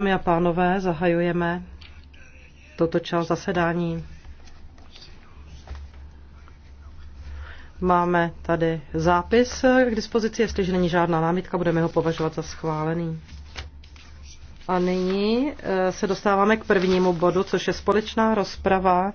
Dámy a pánové, zahajujeme toto čas zasedání. Máme tady zápis k dispozici, jestliže není žádná námitka, budeme ho považovat za schválený. A nyní eh, se dostáváme k prvnímu bodu, což je společná rozprava